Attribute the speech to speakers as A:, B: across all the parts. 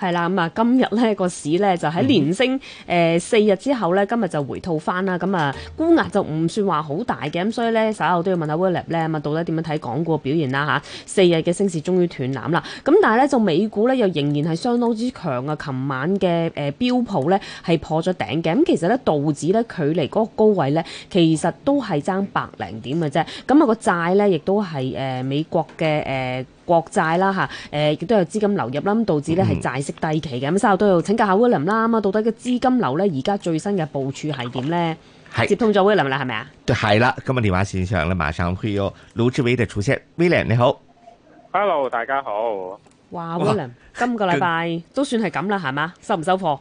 A: 係啦，咁啊今日咧個市咧就喺連升四日之後咧、嗯，今日就回吐翻啦。咁啊，沽壓就唔算話好大嘅，咁所以咧稍後都要問，問下 Willie 咧，咁啊到底點樣睇港股表現啦。四日嘅升市終於斷纜啦，咁但係咧就美股咧又仍然係相當之強啊。琴晚嘅誒標普咧係破咗頂嘅，咁其實咧道指咧距離嗰個高位咧其實都係爭百零點嘅啫。咁、那、啊個債咧亦都係美國嘅誒。國債啦嚇，誒亦都有資金流入啦，咁導致咧係債息低期嘅。咁稍後都要請教下 William 啦，咁啊到底個資金流咧而家最新嘅部署係點咧？係接通咗 William 啦，係咪
B: 啊？係啦，今日電話線上咧，馬上會有盧志威嘅出席。William 你好
C: ，Hello，大家好。
A: 哇，William，今個禮拜都算係咁啦，係嗎？收唔收貨？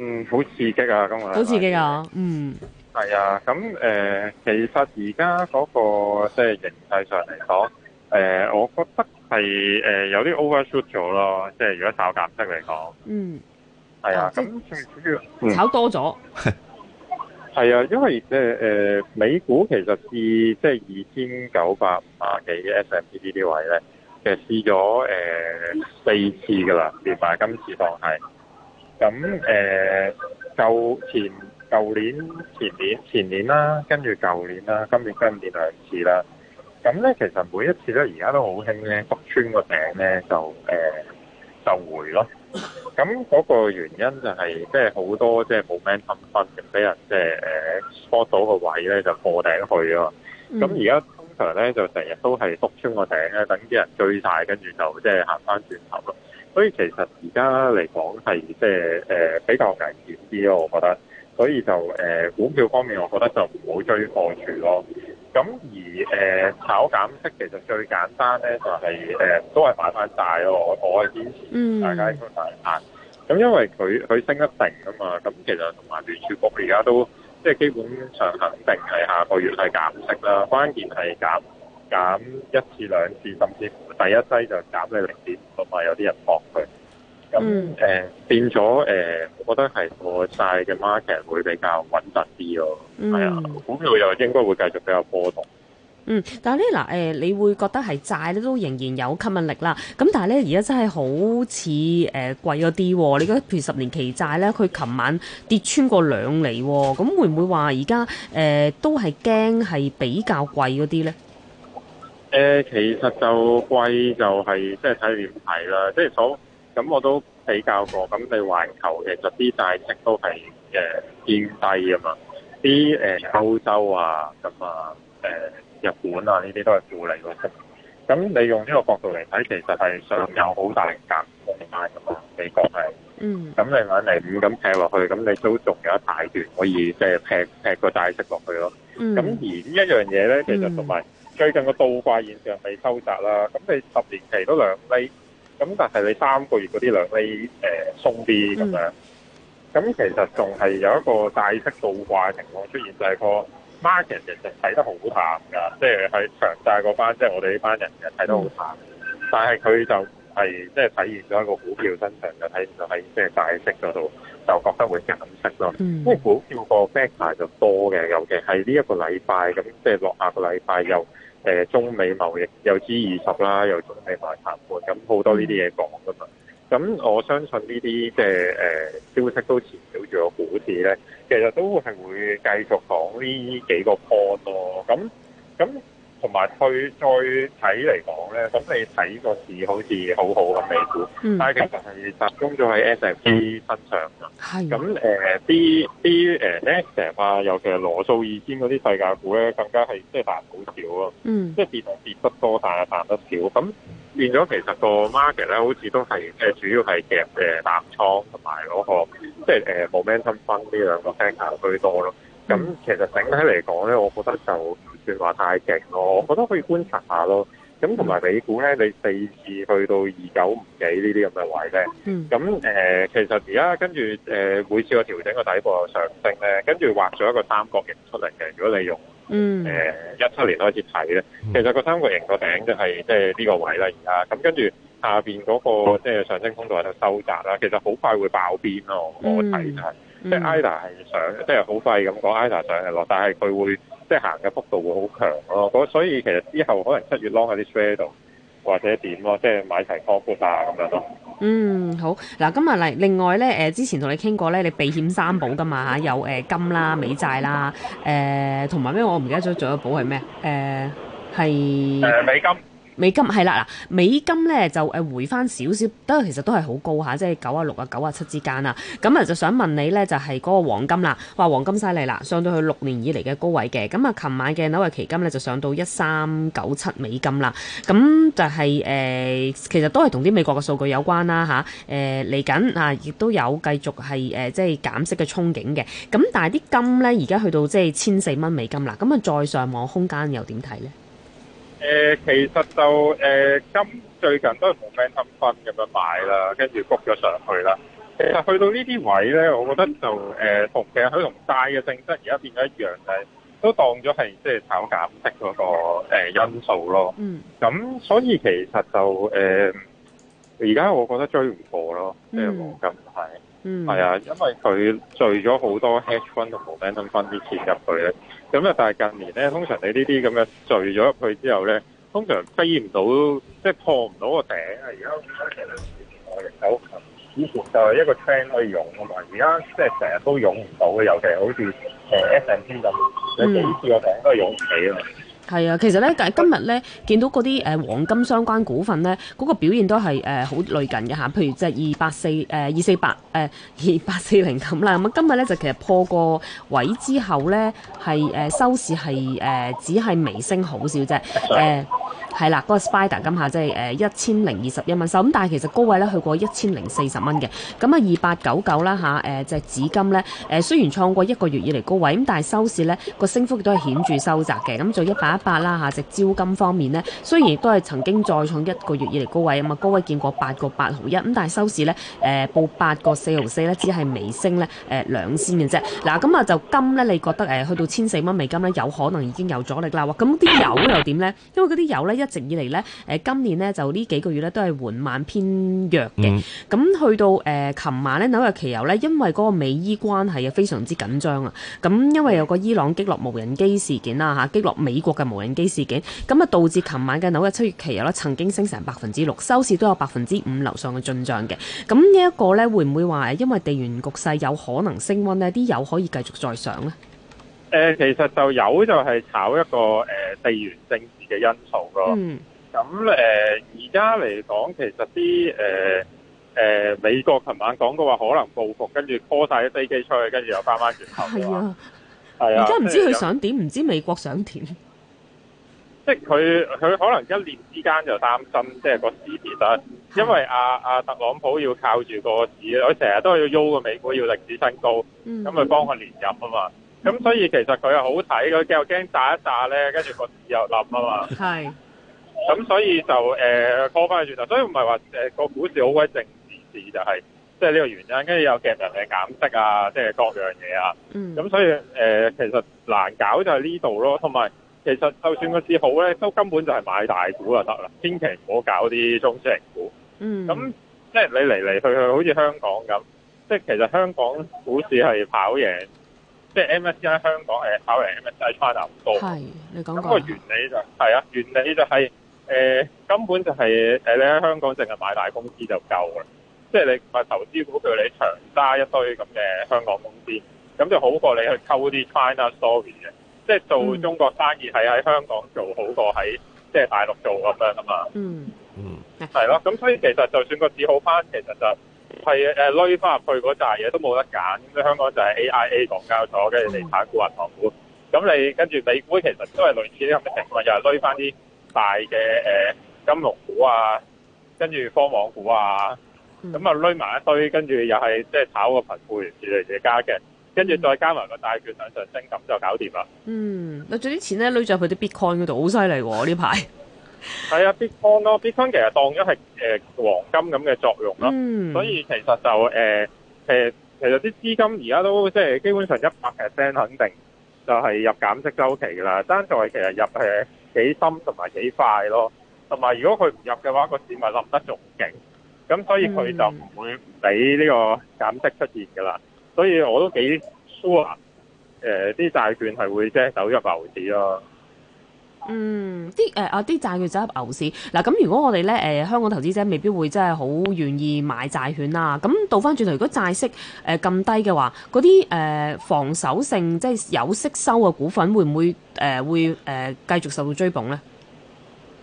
A: 嗯，
C: 好刺激啊！今日好刺激㗎，嗯。係啊，咁誒，其實而家嗰個即係形勢上嚟講。誒、呃，我覺得係誒、呃、有啲 overshoot 咗咯，即係如果炒減息嚟講，嗯，係啊，咁
A: 最主要炒多咗，
C: 係、嗯、 啊，因為誒誒、呃，美股其實至即係二千九百幾 S M P D 啲位咧，即係試咗誒四次噶啦，連埋今次當係，咁誒，舊、呃、前舊年前年前年啦，跟住舊年啦，今年今年兩次啦。咁咧，其實每一次咧，而家都好興咧，篤穿個頂咧，就誒、呃、就回咯。咁嗰個原因就係，即係好多即係冇咩積分嘅，俾人即係誒 spot 到個位咧就破頂去嘛、嗯。咁而家通常咧就成日都係篤穿個頂咧，等啲人追晒，跟住就即係行翻轉頭咯。所以其實而家嚟講係即係比較危險啲咯，我覺得。所以就誒股票方面，我覺得就唔好追貨住咯。咁而誒、呃、炒減息其實最簡單咧，就係、是、誒、呃、都係擺翻大咯，我我啲大家應該明白。咁、嗯、因為佢佢升一定啊嘛，咁其實同埋聯儲局而家都即係、就是、基本上肯定係下個月係減息啦。關鍵係減減一次兩次，甚至乎第一劑就減你零點，同埋有啲人搏佢。咁、嗯、誒、嗯呃，變咗誒、呃，我覺得係我債嘅 market 會比較穩陣啲咯，係、嗯、啊，股票又應該會繼續比較波動。
A: 嗯，但係咧嗱，誒、呃，你會覺得係債咧都仍然有吸引力啦。咁但係咧，而家真係好似誒貴咗啲。你覺得譬如十年期債咧，佢琴晚跌穿過兩厘、啊，咁會唔會話而家誒都係驚係比較貴嗰啲咧？
C: 誒、呃，其實就貴就係、是、即係睇點睇啦，即係所。咁我都比較過，咁你環球的其實啲大息都係誒偏低啊嘛，啲誒歐洲啊，咁啊誒日本啊呢啲都係負利喎息。咁你用呢個角度嚟睇，其實係尚有好大的減幅空間噶嘛，美國係。嗯。咁另外嚟五咁劈落去，咁你都仲有一大段可以即係劈劈，劈個大息落去咯。嗯。咁而呢一樣嘢咧，其實同埋最近個倒掛現象未收窄啦。咁你十年期都兩厘。咁但係你三個月嗰啲兩厘誒鬆啲咁樣，咁、嗯、其實仲係有一個債息倒掛嘅情況出現，就係、是、個 market 人其實睇得好淡㗎，即係喺長債嗰班，即、就、係、是、我哋呢班人其實睇得好淡，嗯、但係佢就係即係體現咗一個股票身上就睇唔到喺即係債息嗰度就覺得會減息咯，因、嗯、為股票個 factor 就多嘅，尤其係呢一個禮拜咁，即係落下個禮拜又。誒中美貿易又 G20 啦，又準備埋談判，咁好多呢啲嘢講噶嘛。咁我相信呢啲即係誒消息都纏繞住個股市咧，其實都係會繼續講呢幾個波囉。咁咁。同埋去再睇嚟講咧，咁你睇個市好似好好咁美股，但係其實係集中咗喺 S&P 身上啊。係。咁啲啲誒 Next 啊，呃呃、SM，尤其係羅素二千嗰啲世界股咧，更加係即係賺好少咯。嗯。即係跌跌得多，但係賺得少。咁變咗其實個 market 咧，好似都係主要係夾誒、呃、淡倉同埋嗰個即係誒 momentum fund 呢兩個 sector 居多咯。咁其實整體嚟講咧，我覺得就～說話太勁咯，我覺得可以觀察一下咯。咁同埋美股咧，你四次去到二九五幾這些呢啲咁嘅位咧。咁、嗯、誒、嗯嗯，其實而家跟住誒每次個調整個底部上升咧，跟住畫咗一個三角形出嚟嘅。如果你用誒一七年開始睇咧，其實個三角形個頂就係即係呢個位啦。而家咁跟住下邊嗰個即係上升通道喺度收窄啦。其實好快會爆邊咯，我睇就係、是。即係 IDA 係上，嗯、即係好快咁講 IDA 上係落。但係佢會即係行嘅幅度會好強咯。所以其實之後可能七月 long 喺啲 spread 度，或者點咯，即係買齊貨款啊咁樣咯。嗯，
A: 好。嗱，今日嚟另外咧，之前同你傾過咧，你避險三保㗎嘛嚇，有金啦、美債啦，誒同埋咩？我唔記得咗仲有保係咩？誒、呃、係、呃、美金。美金係啦，嗱，美金咧就回翻少少，都其實都係好高吓，即係九啊六啊九啊七之間啦。咁啊就想問你咧，就係、是、嗰個黃金啦，話黃金犀利啦，上到去六年以嚟嘅高位嘅。咁啊，琴晚嘅紐約期金咧就上到一三九七美金啦。咁就係、是呃、其實都係同啲美國嘅數據有關啦吓，嚟、呃、緊啊，亦都有繼續係、呃、即係減息嘅憧憬嘅。咁但係啲金咧而家去到即係千四蚊美金啦。咁啊再上網空間又點睇咧？
C: 誒、呃，其實就誒今、呃、最近都係 momentum fund 咁樣買啦，跟住谷咗上去啦。其實去到呢啲位咧，我覺得就誒同、呃、其實佢同債嘅性質而家變咗一樣，就係都當咗係即係炒減息嗰個誒、呃、因素咯。嗯。咁所以其實就誒而家我覺得追唔過咯，即係黃金係。嗯。係啊，因為佢聚咗好多 hedge fund 同 momentum fund 啲錢入去咧。咁啊！但係近年咧，通常你呢啲咁嘅聚咗入去之後咧，通常飛唔到，即係破唔到個頂啊！而家其實，以前就係一個 trend 可以用啊嘛！而家即係成日都用唔到嘅，尤其係好似誒 S and T 就你幾次個頂都係用唔起啊！
A: 啊，其實咧，今日咧見到嗰啲誒黃金相關股份咧，嗰、嗰個表現都係好類近嘅嚇，譬如就係二八四誒二四八誒二八四零咁啦。咁啊、呃嗯，今日咧就其實破個位之後咧，係收市係、呃、只係微升好少啫。誒、呃。Sorry. 係啦，嗰、那個 Spider 今下即係誒一千零二十一蚊收，咁但係其實高位咧去過一千零四十蚊嘅，咁啊二八九九啦吓誒隻紫金咧，誒雖然創過一個月以嚟高位，咁但係收市咧個升幅亦都係顯著收窄嘅，咁就一八一八啦嚇，隻招金方面咧，雖然亦都係曾經再創一個月以嚟高位，咁啊高位見過八個八毫一，咁但係收市咧誒、呃、報八個四毫四咧，只係微升咧誒兩仙嘅啫。嗱咁啊就金咧，你覺得去到千四蚊美金咧，有可能已經有阻力啦喎？咁啲油又點咧？因為嗰啲油。有咧，一直以嚟咧，誒，今年咧就呢幾個月咧都係緩慢偏弱嘅。咁、嗯、去到誒，琴、呃、晚咧，紐約期油咧，因為嗰個美伊關係啊，非常之緊張啊。咁因為有個伊朗擊落無人機事件啦，吓、啊、擊落美國嘅無人機事件，咁啊導致琴晚嘅紐約七月期油咧，曾經升成百分之六，收市都有百分之五樓上嘅進賬嘅。咁呢一個咧，會唔會話因為地緣局勢有可能升溫呢？啲油可以繼續再上呢？誒、
C: 呃，其實就有就係炒一個誒、呃、地緣政。嘅因素咯，咁誒而家嚟講，其實啲誒誒美國琴晚講過話，可能報復，跟住 call 晒啲飛機出去，跟住又翻翻轉頭。係啊，係啊，而家唔知佢想
A: 點，唔、嗯、知美國想點。
C: 即係佢佢可能一年之間就擔心，即、就、係、是、個市跌啦、啊。因為阿、啊、阿、啊、特朗普要靠住個市，佢成日都要喐個美股要歷史新高，咁、嗯、佢幫佢連任啊嘛。咁所以其實佢又好睇，佢又驚炸一炸咧，跟住個市又冧啊嘛。係。咁 所以就誒 call 翻去轉頭，所以唔係話誒個股市好鬼正時事就係，即係呢個原因，跟住有劇人嘅減息啊，即係各樣嘢啊。嗯。咁所以誒、呃，其實難搞就係呢度咯，同埋其實就算個市好咧，都根本就係買大股就得啦，千祈唔好搞啲中小型股。嗯。咁即係你嚟嚟去去好似香港咁，即係其實香港股市係跑贏。即係 MSCI 喺香港誒，考嚟 MSCI 喺 China 高。係，你咁個原理就係、是、啊，原理就係、是、誒、呃、根本就係誒你喺香港淨係買大公司就夠啦。即、就、係、是、你個投資股票，你長揸一堆咁嘅香港公司，咁就好過你去溝啲 China story 嘅。即係做中國生意係喺香港做好過喺即係大陸做咁樣啊嘛。嗯、啊、嗯，係咯。咁所以其實就算個市好翻，其實就是、～係誒，攞翻入去嗰扎嘢都冇得揀，咁香港就係 AIA 港交所，跟住地產股、銀行股，咁你跟住美股其實都係類似呢個情況，又係攞翻啲大嘅誒、呃、金屬股啊，跟住科網股啊，咁啊攞埋一堆，跟住又係即係炒個貧富懸殊嚟自己加嘅，跟住再加埋個大盤向上升，咁就搞掂啦。嗯，
A: 攞住啲錢咧，攞咗喺佢啲 Bitcoin 嗰度，好犀利喎呢排。
C: 係啊，Bitcoin 咯，Bitcoin 其實當咗係誒黃金咁嘅作用咯、嗯，所以其實就誒，誒，其實啲資金而家都即係基本上一百 percent 肯定就係入減息周期噶啦，單就係其實入係幾深同埋幾快咯，同埋如果佢唔入嘅話，個市咪冧得仲勁，咁所以佢就唔會俾呢個減息出現噶啦，所以我都幾 sure 誒、欸，啲債券係會即係走入牛市咯。
A: 嗯，啲誒啊啲債券走入牛市嗱，咁如果我哋咧誒香港投資者未必會真係好願意買債券啦，咁倒翻轉頭，如果債息誒咁低嘅話，嗰啲誒防守性即係、就是、有息收嘅股份會唔會誒、呃、會誒、呃、繼續受到追捧咧？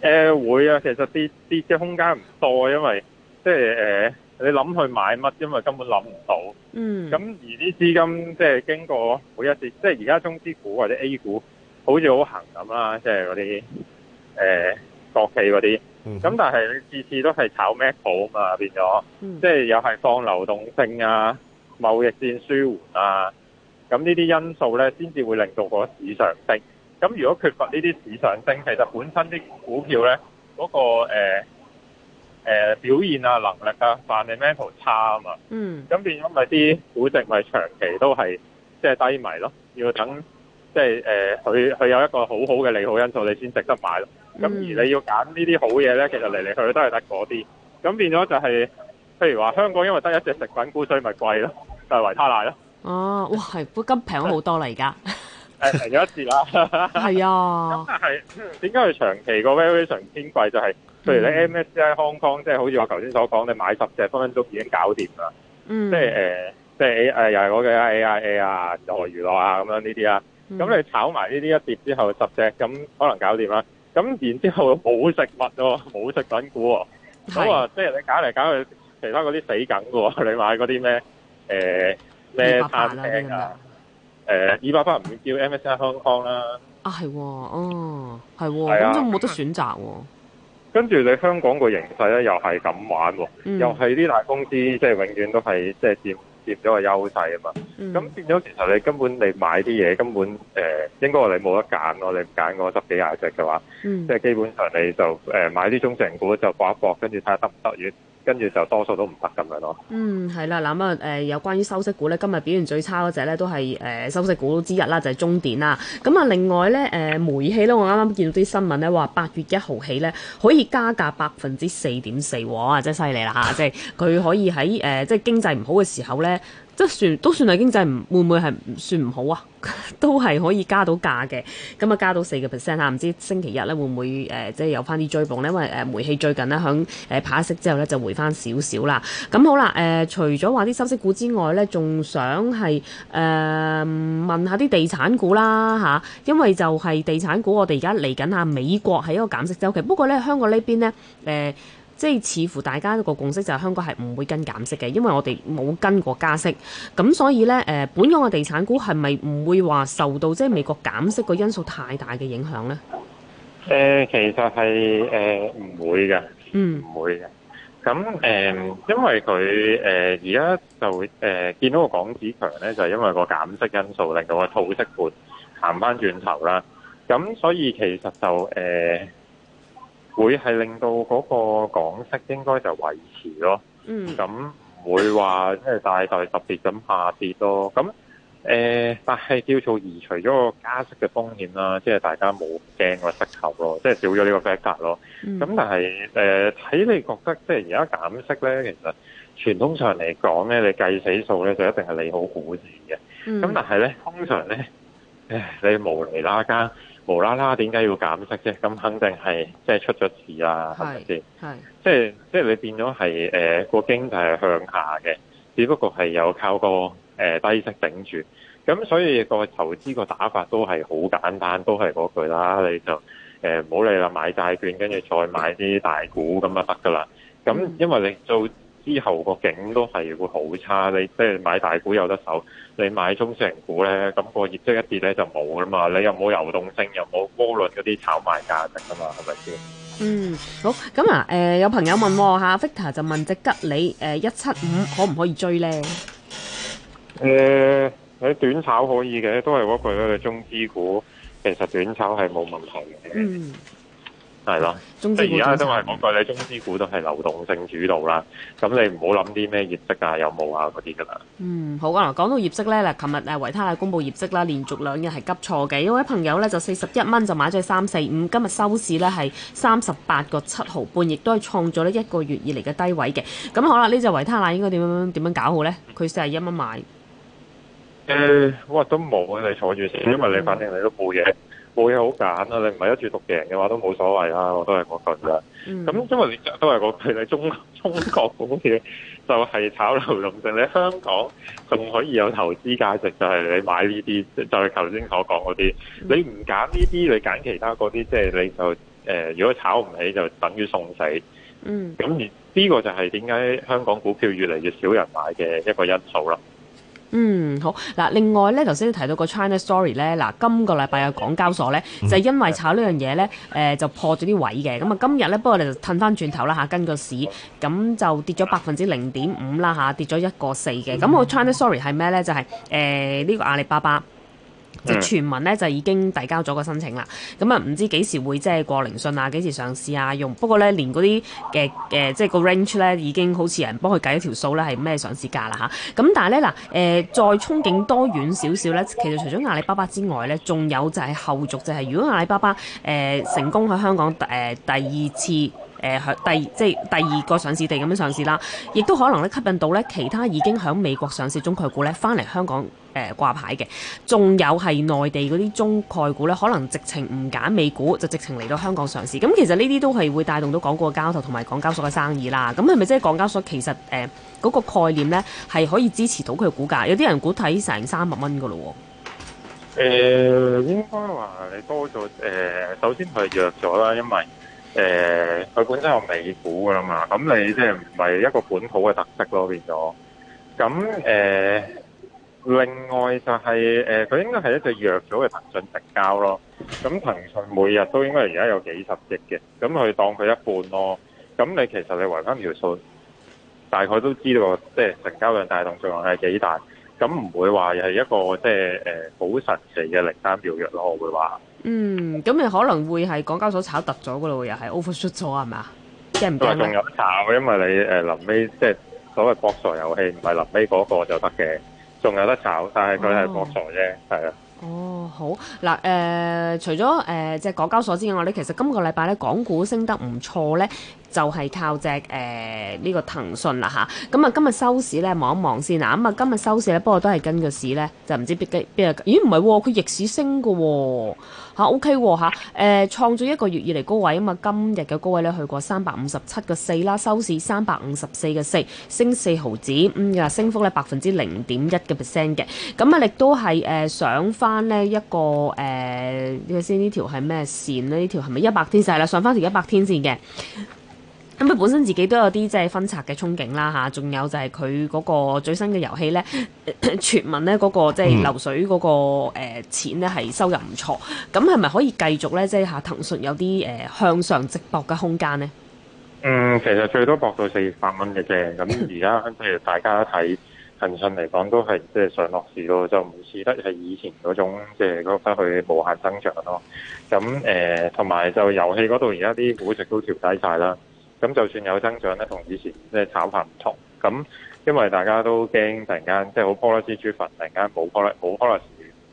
C: 誒、呃、會啊，其實啲跌即係空間唔多，因為即係誒、呃、你諗去買乜，因為根本諗唔到。嗯。咁而啲資金即係經過每一次，即係而家中資股或者 A 股。好似好行咁啦，即係嗰啲誒國企嗰啲，咁、mm-hmm. 但係次次都係炒 m a c 啊嘛，變咗，mm-hmm. 即係又係放流動性啊、貿易戰舒緩啊，咁呢啲因素咧先至會令到個市場升。咁如果缺乏呢啲市場升，其實本身啲股票咧嗰、那個誒、呃呃、表現啊能力啊，反而 fundamental 差啊嘛，嗯，咁變咗咪啲估值咪長期都係即係低迷咯，要等。即係誒，佢、呃、佢有一個好好嘅利好因素，你先值得買咯。咁、嗯、而你要揀呢啲好嘢咧，其實嚟嚟去去都係得嗰啲。咁變咗就係、是，譬如話香港因為得一隻食品股，所以咪貴咯，就係、是、維他奶咯。
A: 哦、啊，哇，係基金平好多啦而家。
C: 誒、 呃，平咗一截啦。係 啊。咁啊係，點解佢長期個 valuation 偏貴、就是？就係譬如你 MSCI 香港，即係好似我頭先所講，你買十隻分分鐘已經搞掂啦、嗯。即係誒，即係誒，又係嗰幾家 AIA 啊，遊樂娛樂啊，咁樣呢啲啊。咁、嗯、你炒埋呢啲一跌之後十隻，咁可能搞掂啦。咁然之後冇食物喎，冇食品股喎，咁 啊，即、就、係、是、你搞嚟搞去，其他嗰啲死梗喎，你買嗰啲咩？咩、呃、餐廳啊？誒，二百八唔叫 MSC Hong Kong 啦。
A: 啊係喎，哦係喎，真係冇得選擇喎、嗯嗯。跟住你香
C: 港個形勢咧，又係咁玩喎，又係啲大公司，即係永遠都係即係佔。變咗個優勢啊嘛、嗯，咁變咗其實你根本你買啲嘢根本誒、呃、應該話你冇得揀咯，你揀嗰十幾廿隻嘅話，嗯、即係基本上你就誒、呃、買啲中成股就搏一搏，跟住睇下得唔得遠。跟
A: 住就多數都唔得咁樣咯。嗯，係啦。嗱咁啊，有關於收息股咧，今日表現最差嗰隻咧，都係誒收息股之一啦，就係中電啦。咁、嗯、啊，另外咧，誒、呃，煤氣咧，我啱啱見到啲新聞咧，話八月一號起咧，可以加價百分之四點四，哇！真係犀利啦吓，即係佢可以喺誒、呃，即係經濟唔好嘅時候咧。即係算都算係經濟唔會唔會係算唔好啊？都係可以加到價嘅，咁啊加到四個 percent 嚇。唔知星期日咧會唔會、呃、即係有翻啲追捧咧？因為誒煤氣最近咧響誒排息之後咧就回翻少少啦。咁好啦誒、呃，除咗話啲收息股之外咧，仲想係誒、呃、問下啲地產股啦，因為就係地產股我哋而家嚟緊啊，美國係一個減息週期，不過咧香港呢邊咧誒。呃即、就、係、是、似乎大家一個共識就係香港係唔會跟減息嘅，因為我哋冇跟過加息，咁所以呢，誒，本港嘅地產股係咪唔會話受到即係美國減息個因素太大嘅影響呢？誒、
C: 呃，其實係誒唔會嘅，嗯，唔會嘅。咁、呃、誒，因為佢誒而家就誒、呃、見到個港紙強呢，就是、因為個減息因素令到個套息盤行返轉頭啦。咁所以其實就誒。呃會係令到嗰個港息應該就維持咯，咁、嗯、唔會話即係大大特別咁下跌咯。咁誒、呃，但係叫做移除咗個加息嘅風險啦，即係大家冇驚個失球咯，即係少咗呢個 factor 咯。咁、嗯、但係誒，睇、呃、你覺得即係而家減息咧，其實傳統上嚟講咧，你計死數咧就一定係利好股市嘅。咁、嗯、但係咧，通常咧，你無厘啦間。無啦啦點解要減息啫？咁肯定係即係出咗事啦，係咪先？係即係即係你變咗係誒個經濟向下嘅，只不過係有靠個、呃、低息頂住。咁所以個投資個打法都係好簡單，都係嗰句啦。你就誒唔好理啦，買債券跟住再買啲大股咁就得噶啦。咁因為你做、嗯之後個景都係會好差。你即係買大股有得手，你買中成股咧，咁個業績一跌咧就冇噶嘛，你又冇流動性，又冇高輪嗰啲炒賣價值噶嘛，係咪先？嗯，好，
A: 咁啊，誒、呃，有朋友問、哦、吓、啊、Victor 就問隻吉利誒一七五可唔可以追咧？
C: 誒、呃，喺短炒可以嘅，都係嗰句啦，中資股其實短炒係冇問題嘅。嗯係咯，而家都係，我覺得中資股都係流動性主導啦。咁你唔好諗啲咩業績有沒有啊、有冇啊嗰啲
A: 噶啦。嗯，好啊。講到業績咧，嗱，琴日誒維他奶公布業績啦，連續兩日係急挫嘅。有位朋友咧就四十一蚊就買咗三四五，今日收市咧係三十八個七毫半，亦都係創咗咧一個月以嚟嘅低位嘅。咁好啦，呢隻維他奶應該點樣點樣搞好咧？佢四十一蚊買。
C: 誒、呃，我話都冇，你坐住先，因為你反正你都冇嘢。嗯冇嘢好揀啊！你唔係一住讀贏嘅話都冇所謂啦，我都係我覺得，
A: 咁、嗯、因為
C: 你都係個佢哋中中國股票就係炒流動性。你香港仲可以有投資價值，就係、是、你買呢啲，就係頭先所講嗰啲。你唔揀呢啲，你揀其他嗰啲，即、就、係、是、你就誒、呃，如果炒唔起就等於送死。嗯，咁呢個就係點解香港股票越嚟越少人買嘅一個因素啦。
A: 嗯，好嗱。另外咧，頭先你提到個 China Story 咧，嗱，今個禮拜嘅港交所咧，就係、因為炒這呢樣嘢咧，誒、呃、就破咗啲位嘅。咁啊，今日咧，不過你就褪翻轉頭啦嚇，跟個市咁就跌咗百分之零點五啦嚇，跌咗一個四嘅。咁、嗯、個 China Story 係咩咧？就係誒呢個阿里巴巴。Mm-hmm. 就傳聞咧就已經遞交咗個申請啦，咁啊唔知幾時會即係過聆訊啊，幾時上市啊？用不過咧，連嗰啲嘅即係個 range 咧已經好似人幫佢計咗條數呢，係咩上市價啦嚇？咁、啊、但係咧嗱再憧憬多遠少少咧，其實除咗阿里巴巴之外咧，仲有就係後續就係、是、如果阿里巴巴、呃、成功喺香港、呃、第二次。誒，第即係第二個上市地咁樣上市啦，亦都可能咧吸引到咧其他已經喺美國上市中概股咧翻嚟香港誒掛牌嘅，仲有係內地嗰啲中概股咧，可能直情唔揀美股就直情嚟到香港上市。咁其實呢啲都係會帶動到港股嘅交投同埋港交所嘅生意啦。咁係咪即係港交所其實誒嗰個概念咧係可以支持到佢嘅股價？有啲人估睇成三百蚊噶咯喎。
C: 誒、呃，應該話你多咗誒、呃，首先佢係弱咗啦，因為。誒、呃，佢本身有美股噶啦嘛，咁你即係唔係一個本土嘅特色咯，變咗。咁誒、呃，另外就係、是、誒，佢、呃、應該係一隻弱咗嘅騰訊成交咯。咁騰訊每日都應該而家有幾十億嘅，咁佢當佢一半咯。咁你其實你維翻條數大概都知道，即、就、係、是、成交量帶動作用係幾大，咁唔會話係一個即係誒好神奇嘅零三條約咯，我會話。
A: 嗯，咁你可能會係港交所炒突咗噶咯？又係 overshoot 咗係嘛？即係唔係？仲有
C: 得炒，因為你誒臨尾即係所謂博傻遊戲，唔係臨尾嗰個就得嘅，仲有得炒。但係佢係博傻啫，係、哦、
A: 啊。哦，好嗱、呃、除咗誒、呃、即係港交所之外咧，你其實今個禮拜咧，港股升得唔錯咧，就係、是、靠隻誒呢個騰訊啦吓，咁、嗯、啊，今日收市咧望一望先。啊，咁啊，今日收市咧，不過都係跟個市咧，就唔知邊幾日。咦，唔係喎，佢逆市升㗎喎、哦。嚇 OK 喎嚇，誒創咗一個月以嚟高位啊嘛，今日嘅高位咧去過三百五十七個四啦，收市三百五十四個四，升四毫子，咁啊升幅咧百分之零點一嘅 percent 嘅，咁啊亦都係誒上翻呢一個誒，呢位先呢條係咩線呢？呢條係咪一百天線係啦？上翻條一百天線嘅。咁佢本身自己都有啲即係分拆嘅憧憬啦，嚇，仲有就係佢嗰個最新嘅遊戲咧，傳聞咧嗰個即係流水嗰個誒錢咧係收入唔錯，咁係咪可以繼續咧即係嚇騰訊有啲誒向上直搏嘅空間咧？
C: 嗯，其實最多博到四百蚊嘅啫。咁而家譬如大家睇騰訊嚟講，都係即係上落市咯，就唔似得係以前嗰種即係嗰個佢去無限增長咯。咁誒同埋就遊戲嗰度，而家啲估值都調低晒啦。咁就算有增長咧，同以前即係炒飯唔同。咁因為大家都驚突然間即係好 policy 豬粉，突然間冇 policy 冇 policy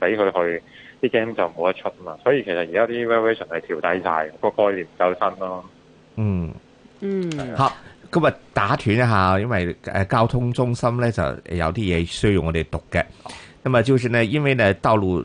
C: 俾佢去啲 game 就冇得出嘛。所以其實而家啲 valuation 係調低晒，嘅、個概念唔夠新咯。嗯嗯，
B: 好，今日打斷一下，因為誒、啊、交通中心咧就有啲嘢需要我哋讀嘅。咁啊，就算咧，因為咧道路。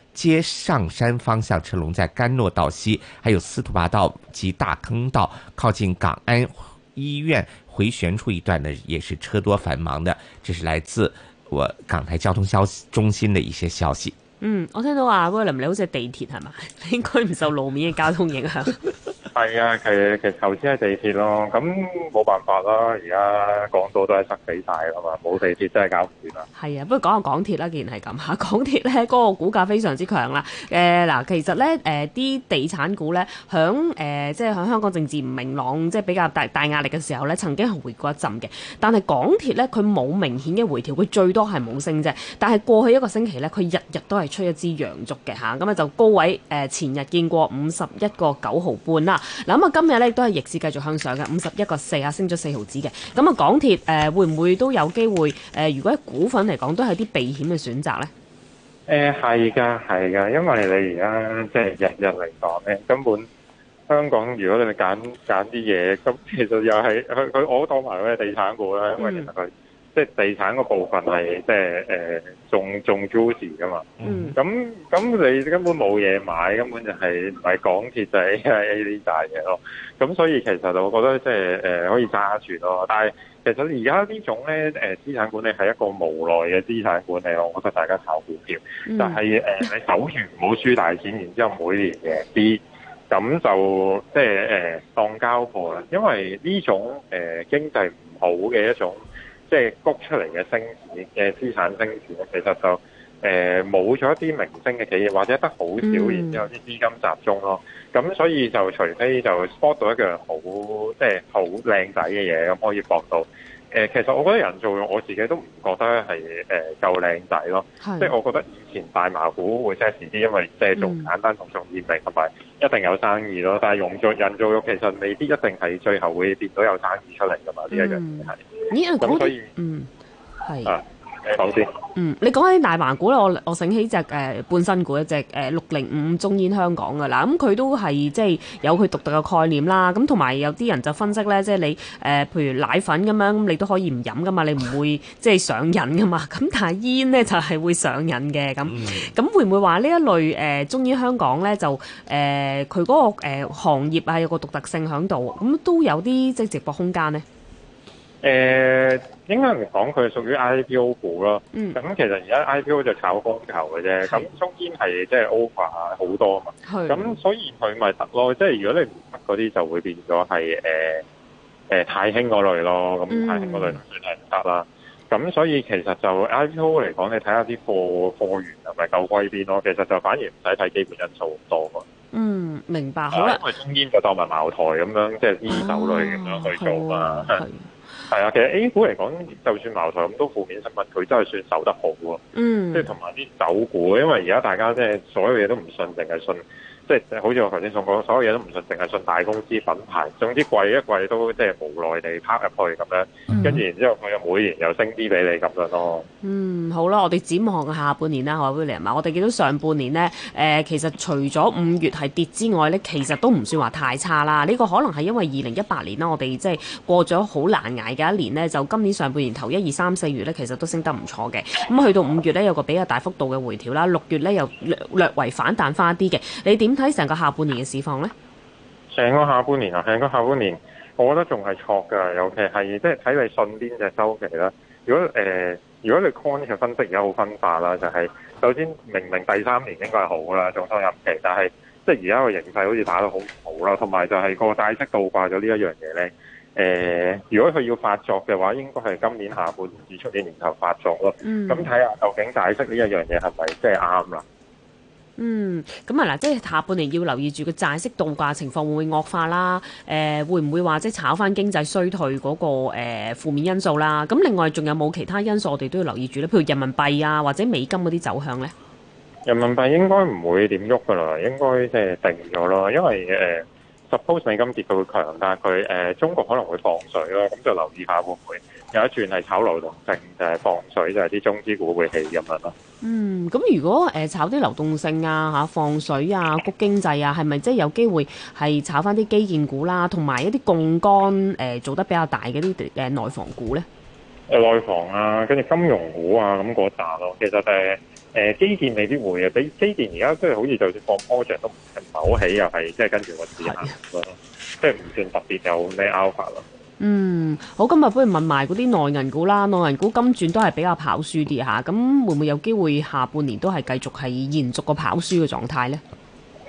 B: 接上山方向車龍在甘諾道西，還有司徒拔道及大坑道靠近港安醫院回旋處一段呢，也是車多繁忙的。這是來自我港台交通消息中心的一些消息。
A: 嗯，我聽到啊，William 你好似係地鐵係嘛，你應該唔受路面嘅交通影響。
B: 係啊，其
C: 其實頭先係地鐵咯，咁冇辦法啦。而家港島都係塞死晒啦嘛，冇地鐵真係搞唔掂啦。
A: 係啊，不過講下港鐵啦，既然係咁吓，港鐵咧嗰個股價非常之強啦。誒，嗱，其實咧誒啲地產股咧響誒即係響香港政治唔明朗，即係比較大大壓力嘅時候咧，曾經係回過一陣嘅。但係港鐵咧，佢冇明顯嘅回調，佢最多係冇升啫。但係過去一個星期咧，佢日日都係出一支陽燭嘅吓，咁啊就高位誒前日見過五十一個九毫半啦。嗱咁啊，今日咧都係逆市繼續向上嘅五十一個四啊，升咗四毫子嘅。咁啊，港鐵誒會唔會都有機會誒？如果喺股份嚟講，都係啲避險嘅選擇咧。
C: 誒係噶係噶，因為你而家即係日日嚟講咧，根本香港如果你哋揀揀啲嘢，咁其實又係佢佢，我都當埋佢係地產股啦，因為其實佢。即係地產個部分係即係誒，重、呃、重 juicy 噶嘛。咁、mm. 咁你根本冇嘢買，根本就係唔係港鐵仔呢啲大嘢咯。咁、就是、所以其實我覺得即係誒可以揸住咯。但係其實而家呢種咧誒資產管理係一個無奈嘅資產管理咯。我覺得大家炒股票但係誒、呃，你走完唔好輸大錢，然之後每年贏啲，咁 就即係誒當交貨啦。因為呢種誒、呃、經濟唔好嘅一種。即係谷出嚟嘅升市嘅資產升市咧，其實就誒冇咗一啲明星嘅企業，或者得好少，然之後啲資金集中咯，咁所以就除非就 support 到一樣好即係好靚仔嘅嘢，咁、就是、可以博到。誒、呃，其實我覺得人造肉，我自己都唔覺得係誒、呃、夠靚仔咯。即係我覺得以前大麻股會 sexy 啲，因為即係仲簡單、做中年定同埋一定有生意咯。但係用做人造肉，其實未必一定係最後會變到有生意出嚟㗎嘛。呢、嗯、一樣
A: 嘢係，咁所以嗯係
C: 啊。講
A: 先。嗯，你講起大麻股咧，我我醒起隻誒、呃、半新股，一隻誒六零五五中煙香港啊嗱，咁、嗯、佢都係即係有佢獨特嘅概念啦。咁同埋有啲人就分析咧，即係你誒、呃，譬如奶粉咁樣，你都可以唔飲噶嘛，你唔會即係上癮噶嘛。咁但係煙咧就係、是、會上癮嘅。咁咁會唔會話呢一類誒、呃、中煙香港咧就誒佢嗰個誒、呃、行業啊有個獨特性喺度，咁、嗯、都有啲即係值博空間呢？誒、
C: 呃。應該嚟講，佢係屬於 IPO 股咯。咁、嗯、其實而家 IPO 就炒供求嘅啫。咁中煙係即係 over 好多嘛。咁、嗯、所以佢咪得咯。即係如果你唔得嗰啲，就會變咗係誒誒太輕嗰類咯。咁太輕嗰類唔算係唔得啦。咁、嗯、所以其實就 IPO 嚟講，你睇下啲貨貨源係咪夠歸邊咯。其實就反而唔使睇基本因素咁多。嗯，
A: 明白。因
C: 為、啊、中煙就當埋茅台咁樣，即係二手類咁樣去做嘛。啊。係啊，其實 A 股嚟講，就算茅台咁多負面新聞，佢真係算守得好喎。嗯，即係同埋啲走股，因為而家大家即係所有嘢都唔信定係信。即係好似我頭先所講，所有嘢都唔信，淨係信大公司品牌。總之貴一貴都即係無奈地拋入去咁樣，跟住然之後佢又每年又升啲俾你咁樣咯。
A: 嗯，好啦，我哋展望下半年啦，下半年啊，我哋見到上半年呢，誒、呃，其實除咗五月係跌之外呢，其實都唔算話太差啦。呢個可能係因為二零一八年啦，我哋即係過咗好難捱嘅一年呢。就今年上半年頭一二三四月呢，其實都升得唔錯嘅。咁去到五月呢，有個比較大幅度嘅回調啦，六月呢，又略為反彈翻啲嘅。你點？喺成個下半年嘅市況咧，
C: 成個下半年啊，成個下半年，我覺得仲係錯噶，尤其係即係睇你信邊隻周期啦。如果誒、呃，如果你 con 嘅分析而家好分化啦，就係、是、首先明明第三年應該係好啦，總統任期，但係即係而家個形勢好似打到好好啦，同埋就係個債息倒掛咗呢一樣嘢咧。誒、呃，如果佢要發作嘅話，應該係今年下半年至出年年頭發作咯。咁睇下究竟債息呢一樣嘢係咪即係啱啦？
A: 嗯，咁啊嗱，即係下半年要留意住個債息倒掛情況會唔會惡化啦？誒、呃，會唔會話即係炒翻經濟衰退嗰、那個誒、呃、負面因素啦？咁另外仲有冇其他因素我哋都要留意住咧？譬如人民幣啊或者美金嗰啲走向咧？
C: 人民幣應該唔會點喐㗎啦，應該即係定咗咯，因為誒。呃 suppose 美金跌佢會強，但係佢誒中國可能會放水咯，咁就留意一下會唔會有一轉係炒流動性，就係、是、放水，就係、是、啲中資股會起咁啊嘛。嗯，
A: 咁如果誒、呃、炒啲流動性啊、嚇、啊、放水啊、谷經濟啊，係咪即係有機會係炒翻啲基建股啦、啊，同埋一啲槓桿誒做得比較大嘅啲誒內房股咧？
C: 誒內房啊，跟住金融股啊，咁嗰紮咯，其實誒。呃誒、呃，基建未必會啊，基建而家即係好似就算放 project 都唔唔好起，又係即係跟住個市行咁即係唔算特別有咩 alpha 咯。嗯，
A: 好，今日不如問埋嗰啲內銀股啦，內銀股今轉都係比較跑輸啲吓，咁會唔會有機會下半年都係繼續係延續個跑輸嘅狀態咧？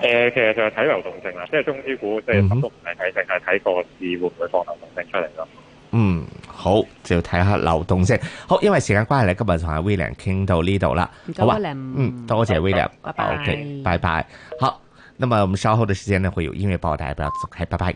C: 誒、呃，其實就係睇流動性啦，即係中資股即係幅度唔係睇成係睇個市會唔會放流動性出嚟咯。
B: 嗯，好，就睇下流動先。好，因為時間關係咧，今日就同阿 William 傾到呢度啦。好啊，嗯，多謝 William，拜拜。OK，拜拜。好，那麼我們稍後的時間呢，會有音樂報，大家不要走開，拜拜。